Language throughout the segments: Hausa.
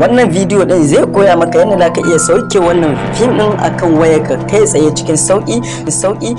wannan bidiyo din zai koya maka yadda zaka iya sauke wannan fim din akan wayarka kai tsaye cikin sauki sauki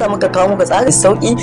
sa muka kawo muka tsarin sauki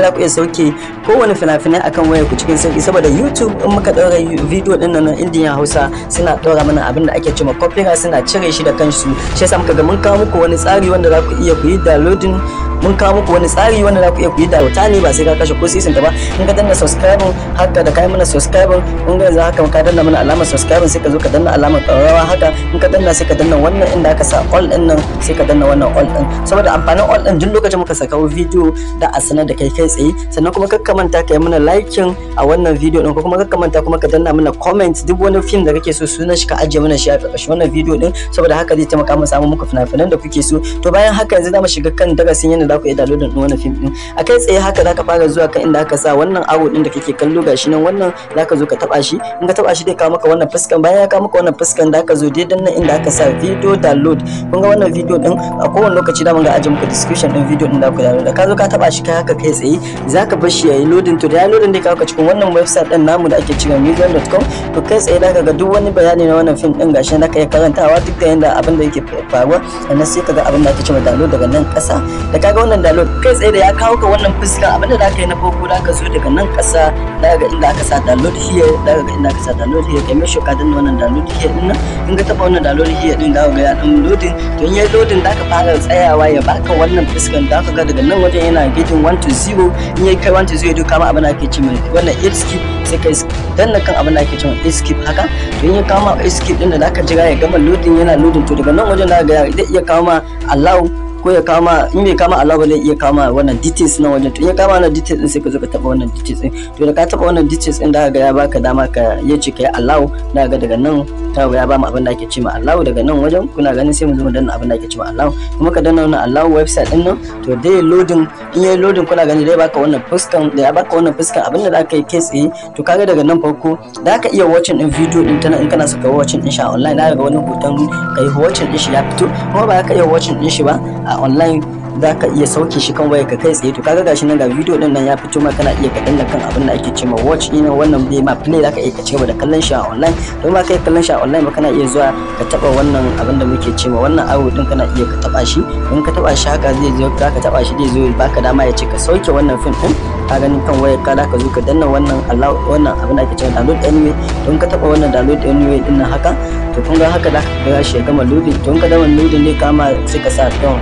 da za ku iya sauke kowane fina-finai akan wayar ku cikin sauki saboda YouTube in muka ɗaura video ɗin nan Indian Hausa suna ɗaura mana abin da ake cewa copyright suna cire shi da kansu shi yasa muka ga mun kawo muku wani tsari wanda za ku iya ku yi downloading mun kawo muku wani tsari wanda za ku iya kuyi da dauta ne ba sai ka kashe ko sisin ta ba in ka danna subscribe haka da kai mana subscribe in ga yanzu haka ka danna mana alamar subscribe sai ka zo ka danna alamar ƙararrawa haka in ka danna sai ka danna wannan inda aka sa all din nan sai ka danna wannan all din saboda amfanin all din duk lokacin muka saka video da a sanar da kai kai tsaye sannan kuma ka kamanta ka yi mana liking a wannan video din ko kuma ka kamanta kuma ka danna mana comment duk wani film da kake so sunan shi ka ajiye mana shi a ƙarshen wannan video din saboda haka zai taimaka mu samu muku fina-finan da kuke so to bayan haka yanzu za mu shiga kan darasin yadda za ku iya download din wannan film din a kai tsaye haka zaka fara zuwa kan inda aka sa wannan awo din da kake kallo gashi nan wannan zaka zo ka taba shi in ka taba shi dai ka maka wannan fuskan bayan ya ka maka wannan fuskan da ka zo dan nan inda aka sa video download kun ga wannan video din a kowane lokaci da mun ga aje muku description din video din da ku download ka zo ka taba shi kai haka kai tsaye zaka bar shi yayi loading to da yayi loading dai ka ka cikin wannan website din namu da ake cewa museum.com to kai tsaye da ka ga duk wani bayani na wannan film din gashi da ka iya karantawa duk da yanda abin da yake faruwa sannan sai ka ga abin da ake cewa download daga nan kasa da ka ga wannan download kai tsaye da ya kawo ka wannan fuska abin da ka yi na farko da ka zo daga nan ƙasa da ga inda aka sa download here da ga inda aka sa download here kai mai shoka din wannan download here din nan in ka taba wannan download here din da ga ya dan loading to in ya loading da ka fara tsayawa ya baka wannan fuskan da ka ga daga nan wajen yana getting 1 to 0 in ya kai 1 to 0 duk kama abin da ake cewa wannan skip sai kai danna kan abin da ake cewa skip haka to in ya kama skip din da zaka jira ya gama loading yana loading to daga nan wajen da ga ya iya kama allow ko ya kama in bai kama Allah ba zai iya kama wannan details na wajen to in ya kama wannan details din sai ka zo ka taba wannan details din to da ka taba wannan details din da ga ya baka dama ka yace kai Allah da ga daga nan ta ga ya ba mu abin da ake ma Allah daga nan wajen kuna ganin sai mu zo mu danna abin da ake ma Allah kuma ka danna wannan Allah website din nan to dai loading in yayi loading kuna gani dai baka wannan fuskan da ya baka wannan fuskan abin da zaka yi kai tsaye to kaga daga nan farko da ka iya watching din video din tana in kana so ka watching din shi online da ga wani hoton kai watching din shi ya fito kuma ba ka iya watching din shi ba a online za ka iya sauke shi kan wayarka kai tsaye to kaga gashi nan ga bidiyo din nan ya fito ma kana iya ka danna kan abin da ake cewa watch ina wannan bai ma play za ka iya ka ci da kallon shi a online don ma kai kallon shi a online ba kana iya zuwa ka taba wannan abin da muke cewa wannan abu din kana iya ka taba shi in ka taba shi haka zai zo ka taba shi zai zo ya baka dama ya ce ka sauke wannan film din ka gani kan wayar ka zaka zo ka danna wannan allow wannan abin da ake cewa download anyway don ka taba wannan download anyway din nan haka to kun ga haka ka ga shi ya gama loading to in ka gama loading ne kama sai ka sa don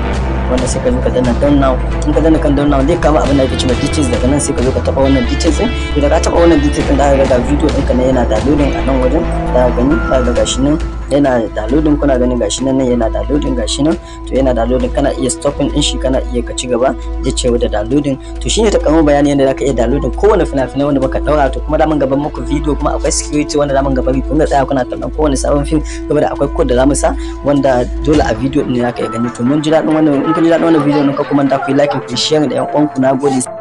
wanda sai ka zo ka danna down in ka danna kan down now zai kama abin da ake cewa ditches daga nan sai ka zo ka taba wannan ditches din idan ka taba wannan ditches din zaka ga video din ka ne yana downloading a nan wajen zaka gani zaka gashi nan yana downloading kuna ganin gashi nan nan yana downloading gashi nan to yana downloading kana iya stopping din shi kana iya ka ci gaba ya ce wa da downloading to shine ta kama bayani yadda zaka iya downloading kowane fina-finai wanda baka daura to kuma daman gaban muku video kuma akwai security wanda daman gaban ku ga tsaya kuna kallon kowane sabon film saboda akwai code da zamu sa wanda dole a video din zaka iya gani to mun ji daɗin wannan kun kalli daɗin wannan bidiyo na kuma da ku yi like ku share da yan uwanku na gode